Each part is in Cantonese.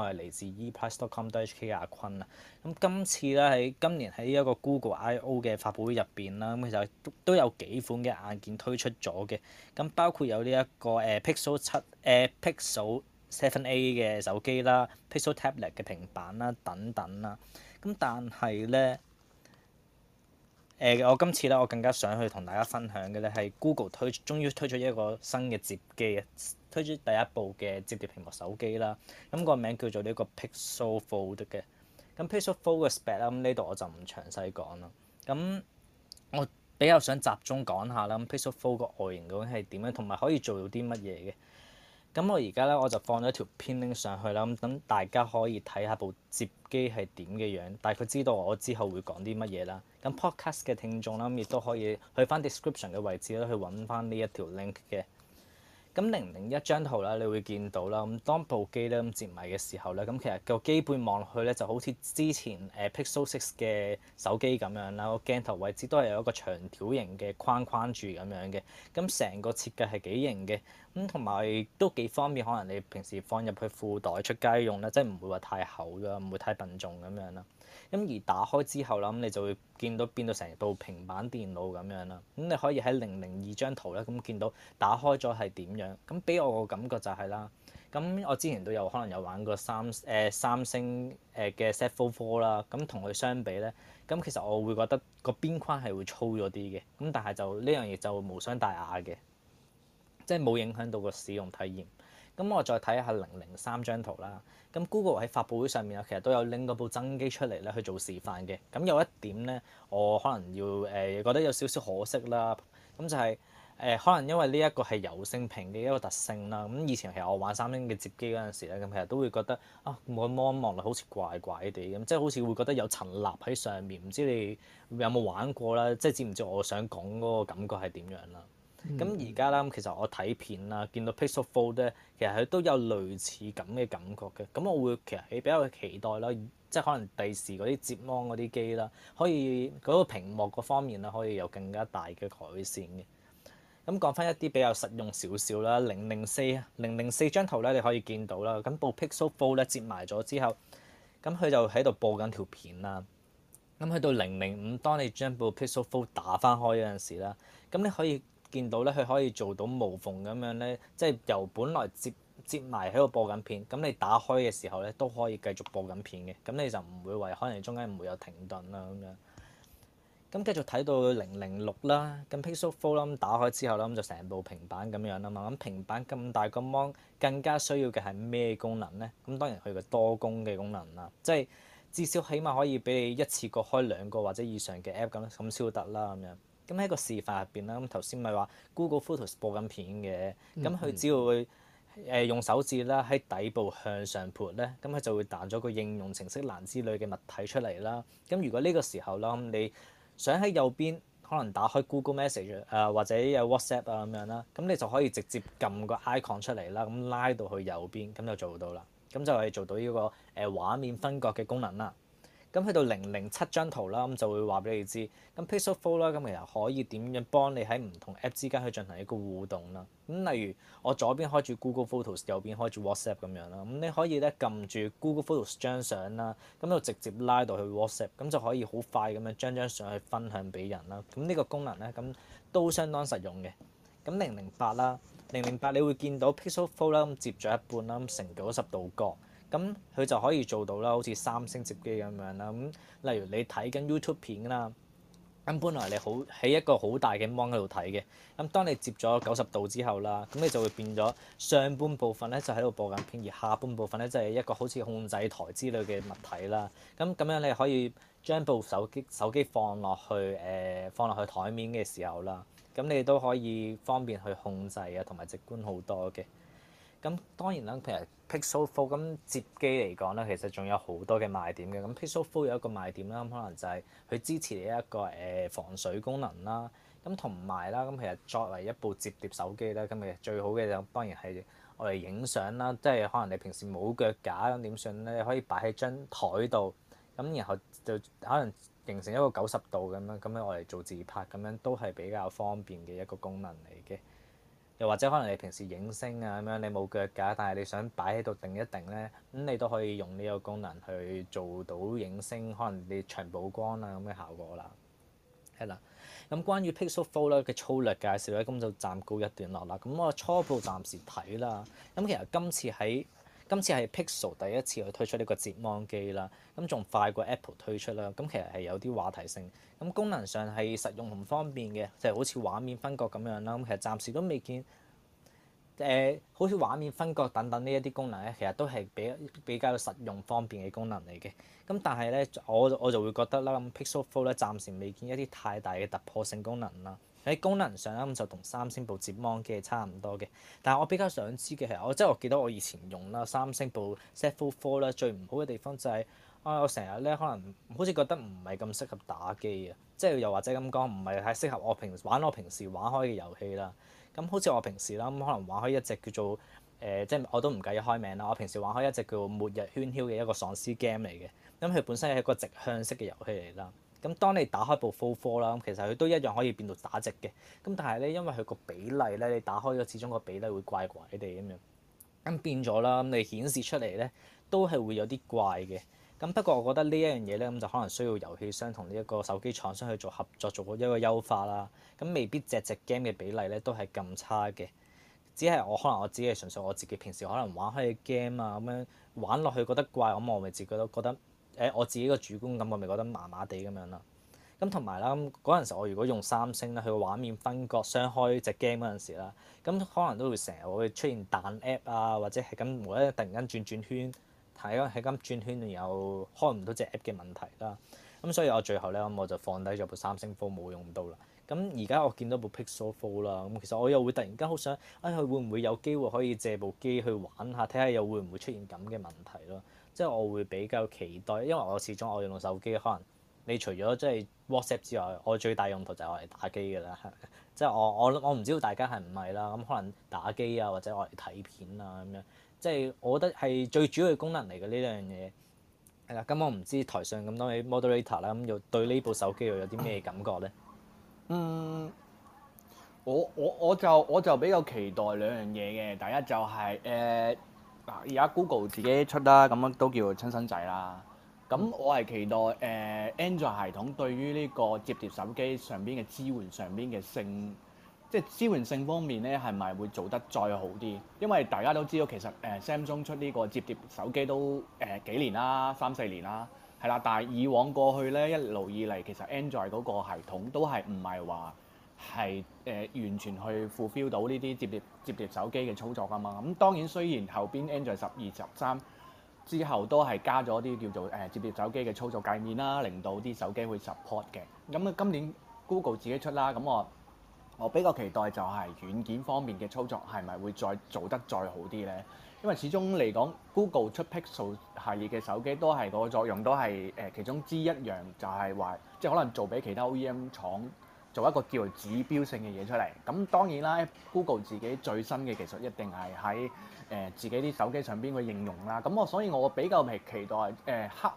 我係嚟自 eprice.com.hk 阿坤啊，咁今次咧，喺今年喺一個 Google I/O 嘅發布會入邊啦，咁其實都有幾款嘅硬件推出咗嘅，咁包括有呢一個誒、uh, Pixel 七誒 Pixel Seven A 嘅手機啦，Pixel Tablet 嘅平板啦等等啦，咁但係咧。誒，我今次咧，我更加想去同大家分享嘅咧，係 Google 推，終於推出一個新嘅摺機啊，推出第一部嘅折疊屏幕手機啦。咁個名叫做呢個 Pixel Fold 嘅。咁 Pixel Fold 嘅 Spec 啦，咁呢度我就唔詳細講啦。咁我比較想集中講下啦，咁 Pixel Fold 個外形究竟係點樣，同埋可以做到啲乜嘢嘅。咁我而家咧，我就放咗條片拎上去啦，咁等大家可以睇下部摺機係點嘅樣，樣，但係佢知道我之後會講啲乜嘢啦。咁 Podcast 嘅聽眾啦，亦都可以去翻 description 嘅位置咧，去揾翻呢一條 link 嘅。咁零零一張圖啦，你會見到啦。咁當部機咧咁折埋嘅時候咧，咁其實個機背望落去咧就好似之前誒 Pixel 6嘅手機咁樣啦，個鏡頭位置都係有一個長條形嘅框框住咁樣嘅。咁成個設計係幾型嘅，咁同埋都幾方便，可能你平時放入去褲袋出街用咧，即係唔會話太厚㗎，唔會太笨重咁樣啦。咁而打開之後啦，咁你就會見到變到成部平板電腦咁樣啦。咁你可以喺零零二張圖咧，咁見到打開咗係點樣。咁俾我個感覺就係、是、啦。咁我之前都有可能有玩過三誒、呃、三星誒嘅 Z Fold 4啦。咁同佢相比咧，咁其實我會覺得個邊框係會粗咗啲嘅。咁但係就呢樣嘢就無傷大雅嘅，即係冇影響到個使用體驗。咁我再睇下零零三張圖啦。咁 Google 喺發布會上面啊，其實都有拎嗰部真機出嚟咧去做示範嘅。咁有一點咧，我可能要誒、呃、覺得有少少可惜啦。咁就係、是、誒、呃、可能因為呢一個係柔性屏嘅一個特性啦。咁以前其實我玩三星嘅摺機嗰陣時咧，咁其實都會覺得啊，我望一望落好似怪怪啲咁，即係好似會覺得有層立喺上面，唔知你有冇玩過啦？即係知唔知我想講嗰個感覺係點樣啦？咁而家啦，其實我睇片啦，見到 Pixel Fold 咧，其實佢都有類似咁嘅感覺嘅。咁我會其實係比較期待啦，即係可能第時嗰啲摺芒嗰啲機啦，可以嗰個屏幕嗰方面啦，可以有更加大嘅改善嘅。咁講翻一啲比較實用少少啦，零零四零零四張圖咧，你可以見到啦。咁部 Pixel Fold 咧接埋咗之後，咁佢就喺度播緊條片啦。咁去到零零五，當你將部 Pixel Fold 打翻開嗰陣時啦，咁你可以。見到咧，佢可以做到無縫咁樣咧，即係由本來接接埋喺度播緊片，咁你打開嘅時候咧，都可以繼續播緊片嘅，咁你就唔會話可能中間唔會有停頓啦咁樣。咁繼續睇到零零六啦，咁 Pixel Fold 咁打開之後咧，咁就成部平板咁樣啦嘛。咁平板咁大個芒，更加需要嘅係咩功能咧？咁當然佢個多功嘅功能啦，即係至少起碼可以俾你一次過開兩個或者以上嘅 app 咁，咁先得啦咁樣。咁喺一個示範入邊啦，咁頭先咪話 Google Photos 播緊片嘅，咁佢只要誒用手指啦喺底部向上撥咧，咁佢就會彈咗個應用程式欄之類嘅物體出嚟啦。咁如果呢個時候啦，咁你想喺右邊可能打開 Google Message 啊、呃，或者有 WhatsApp 啊咁樣啦，咁你就可以直接撳個 icon 出嚟啦，咁拉到去右邊，咁就做到啦。咁就可以做到呢、呢個誒畫、呃、面分割嘅功能啦。咁去到零零七張圖啦，咁就會話俾你知。咁 Pixel Fold 啦，咁其實可以點樣幫你喺唔同 App 之間去進行一個互動啦。咁例如我左邊開住 Google Photos，右邊開住 WhatsApp 咁樣啦。咁你可以咧撳住 Google Photos 張相啦，咁就直接拉到去 WhatsApp，咁就可以好快咁樣將張相去分享俾人啦。咁、這、呢個功能咧，咁都相當實用嘅。咁零零八啦，零零八你會見到 Pixel Fold 啦，咁接咗一半啦，咁成九十度角。咁佢就可以做到啦，好似三星摺機咁樣啦。咁例如你睇緊 YouTube 片啦，咁本來你好喺一個好大嘅 mon 度睇嘅。咁當你摺咗九十度之後啦，咁你就會變咗上半部分咧就喺度播緊片，而下半部分咧就係一個好似控制台之類嘅物體啦。咁咁樣你可以將部手機手機放落去誒、呃、放落去台面嘅時候啦，咁你都可以方便去控制啊，同埋直觀好多嘅。咁當然啦，其實 Pixel Fold 咁摺機嚟講咧，其實仲有好多嘅賣點嘅。咁 Pixel Fold 有一個賣點啦，咁可能就係佢支持你一個誒防水功能啦。咁同埋啦，咁其實作為一部摺疊手機啦，咁其實最好嘅就當然係我哋影相啦。即係可能你平時冇腳架咁點算咧？呢你可以擺喺張台度，咁然後就可能形成一個九十度咁樣，咁樣我哋做自拍咁樣都係比較方便嘅一個功能嚟嘅。又或者可能你平時影星啊咁樣，你冇腳架，但係你想擺喺度定一定咧，咁你都可以用呢個功能去做到影星，可能你長曝光啊咁嘅效果啦。係啦，咁關於 Pixel Fold 咧嘅粗略介紹咧，咁就暫告一段落啦。咁我初步暫時睇啦。咁其實今次喺今次係 Pixel 第一次去推出呢個摺疊機啦，咁仲快過 Apple 推出啦，咁其實係有啲話題性。咁功能上係實用同方便嘅，就好似畫面分割咁樣啦。咁其實暫時都未見，誒、呃，好似畫面分割等等呢一啲功能咧，其實都係比較比較實用方便嘅功能嚟嘅。咁但係咧，我我就會覺得啦，Pixel 咁 Fold 咧暫時未見一啲太大嘅突破性功能啦。喺功能上咧就同三星部摺芒機係差唔多嘅，但係我比較想知嘅係，我即係我記得我以前用啦三星部 Z Fold Four 啦，最唔好嘅地方就係、是、啊，我成日咧可能好似覺得唔係咁適合打機啊，即、就、係、是、又或者咁講唔係太適合我平玩我平時玩開嘅遊戲啦。咁好似我平時啦咁，可能玩開一隻叫做誒、呃，即係我都唔計開名啦。我平時玩開一隻叫《末日喧囂》嘅一個喪屍 game 嚟嘅，咁佢本身係一個直向式嘅遊戲嚟啦。咁當你打開部 Fold 啦，咁其實佢都一樣可以變到打直嘅。咁但係咧，因為佢個比例咧，你打開咗，始終個比例會怪怪哋咁樣，咁變咗啦，咁你顯示出嚟咧都係會有啲怪嘅。咁不過我覺得呢一樣嘢咧，咁就可能需要遊戲商同呢一個手機廠商去做合作，做一個優化啦。咁未必隻隻 game 嘅比例咧都係咁差嘅，只係我可能我只係純粹我自己平時可能玩開 game 啊咁樣玩落去覺得怪，咁我咪自己都覺得。誒我自己個主觀感我咪覺得麻麻地咁樣啦，咁同埋啦，咁嗰陣時我如果用三星咧，佢畫面分割雙開隻 game 嗰陣時啦，咁可能都會成日會出現彈 app 啊，或者係咁無啦啦突然間轉轉圈，睇咯喺咁轉圈然後又開唔到隻 app 嘅問題啦，咁所以我最後咧咁我就放低咗部三星 Fold 冇用到啦，咁而家我見到部 Pixel Fold 啦，咁其實我又會突然間好想，哎佢會唔會有機會可以借部機去玩下，睇下又會唔會出現咁嘅問題咯？即係我會比較期待，因為我始終我用到手機，可能你除咗即係 WhatsApp 之外，我最大用途就係我嚟打機㗎啦。 即係我我我唔知道大家係唔係啦。咁可能打機啊，或者我嚟睇片啊咁樣。即係我覺得係最主要嘅功能嚟嘅呢樣嘢。係啦，咁我唔知台上咁多位 moderator 啦，咁又對呢部手機又有啲咩感覺咧？嗯，我我我就我就比較期待兩樣嘢嘅，第一就係、是、誒。呃而家 Google 自己出啦，咁樣都叫親生仔啦。咁、嗯、我係期待誒、呃、Android 系統對於呢個摺疊手機上邊嘅支援上邊嘅性，即、就、係、是、支援性方面咧，係咪會做得再好啲？因為大家都知道其實誒、呃、Samsung 出呢個摺疊手機都誒、呃、幾年啦，三四年啦，係啦，但係以往過去咧一路以嚟，其實 Android 嗰個系統都係唔係話，係誒、呃、完全去 fulfill 到呢啲摺疊摺疊手機嘅操作㗎嘛，咁、嗯、當然雖然後邊 Android 十二十三之後都係加咗啲叫做誒摺疊手機嘅操作界面啦，令到啲手機會 support 嘅。咁、嗯、啊今年 Google 自己出啦，咁、嗯、我我比較期待就係軟件方面嘅操作係咪會再做得再好啲呢？因為始終嚟講，Google 出 Pixel 系列嘅手機都係、嗰個作用都係誒、呃、其中之一樣，就係、是、話即係可能做俾其他 OEM 廠。做一個叫做指標性嘅嘢出嚟，咁當然啦，Google 自己最新嘅技術一定係喺誒自己啲手機上邊嘅應用啦。咁、嗯、我所以我比較係期待誒黑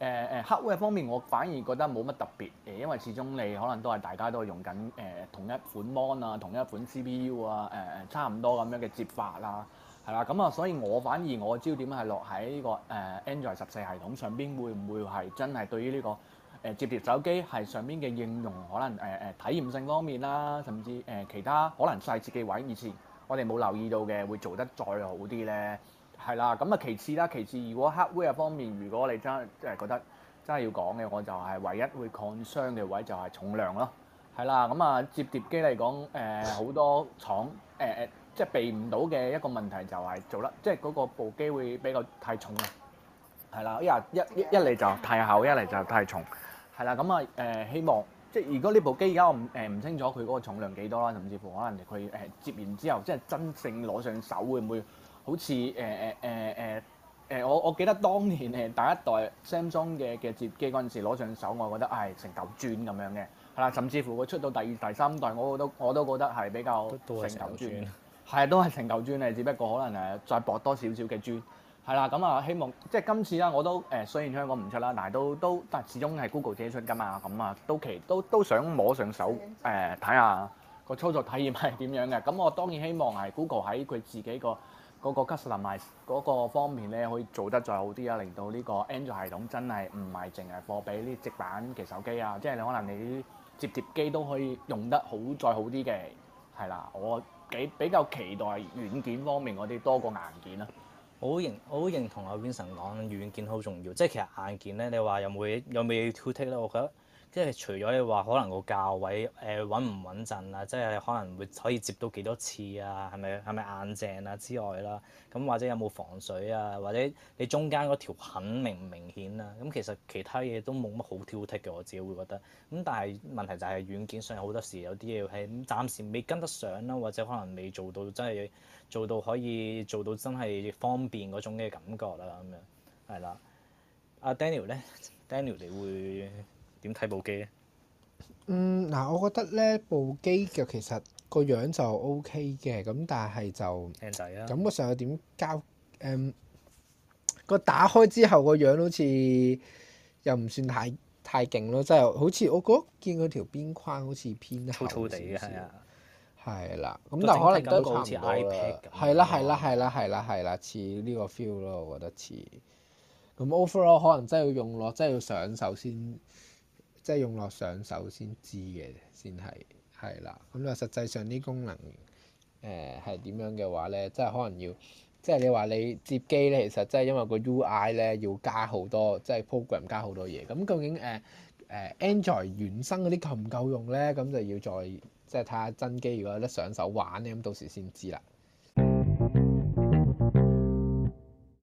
誒誒黑烏嘅方面，我反而覺得冇乜特別，因為始終你可能都係大家都用緊誒、呃、同一款 Mon 啊，同一款 CPU 啊，誒、呃、差唔多咁樣嘅接法啦，係啦。咁、嗯、啊，所以我反而我焦點係落喺呢、這個誒、呃、Android 十四系統上邊，會唔會係真係對於呢、這個，誒摺疊手機係上面嘅應用，可能誒誒、呃、體驗性方面啦，甚至誒、呃、其他可能細節嘅位，以前我哋冇留意到嘅，會做得再好啲咧。係啦，咁啊其次啦，其次如果 hardware 方面，如果你真係覺得真係要講嘅，我就係唯一會 concern 嘅位就係重量咯。係啦，咁啊摺疊機嚟講，誒、呃、好多廠誒誒、呃、即係避唔到嘅一個問題就係做得即係嗰個部機會比較太重。係啦，一一一嚟就太厚，一嚟就太重。係啦，咁啊，誒、呃、希望即係如果呢部機而家我誒唔、呃、清楚佢嗰個重量幾多啦，甚至乎可能佢誒、呃、接完之後，即係真正攞上手會唔會好似誒誒誒誒誒我我記得當年誒第一代 Samsung 嘅嘅接機嗰陣時攞上手，我覺得係、哎、成嚿磚咁樣嘅，係啦，甚至乎佢出到第二、第三代，我覺得我都覺得係比較成嚿磚，係都係成嚿磚咧， 只不過可能誒再薄多少少嘅磚。係啦，咁啊，希望即係今次啦，我都誒雖然香港唔出啦，但係都都但始終係 Google 自己出噶嘛，咁啊，都期都都想摸上手誒睇下個操作體驗係點樣嘅。咁我當然希望係 Google 喺佢自己個嗰個 customize 嗰個方面咧，可以做得再好啲啊，令到呢個 Android 系統真係唔係淨係貨俾呢啲直板嘅手機啊，即係你可能你啲折疊機都可以用得好再好啲嘅。係、嗯、啦，我幾比較期待軟件方面嗰啲多過硬件啦。我好認，我好認同阿 Vincent 講軟件好重要，即係其實硬件咧，你話有冇嘢有冇嘢要挑剔咧？我覺得。即係除咗你話可能個價位誒穩唔穩陣啊，即係可能會可以接到幾多次啊，係咪係咪硬淨啊之外啦，咁或者有冇防水啊，或者你中間嗰條痕明唔明顯啊？咁其實其他嘢都冇乜好挑剔嘅，我自己會覺得咁。但係問題就係軟件上好多時有啲嘢係暫時未跟得上啦，或者可能未做到真係做到可以做到真係方便嗰種嘅感覺啦。咁樣係啦，阿 Daniel 咧，Daniel 你會點睇部機咧？嗯，嗱，我覺得咧部機嘅其實個樣就 O K 嘅，咁但係就靚仔啊。咁我想點交誒？個打開之後個樣好似又唔算太太勁咯，即係好似我個見佢條邊框好似偏得粗係啊，係啦。咁但可能都差唔多啦，係啦，係啦，係啦，係啦，係啦，似呢個 feel 咯，我覺得似咁 overall 可能真係要用落，真係要上手先。即係用落上手先知嘅，先係係啦。咁啊、嗯，實際上啲功能誒係點樣嘅話咧，即係可能要即係你話你接機咧，其實即係因為個 UI 咧要加好多，即係 program 加好多嘢。咁究竟誒誒、呃呃、Android 原生嗰啲夠唔夠用咧？咁就要再即係睇下真機，如果有得上手玩咧，咁到時先知啦。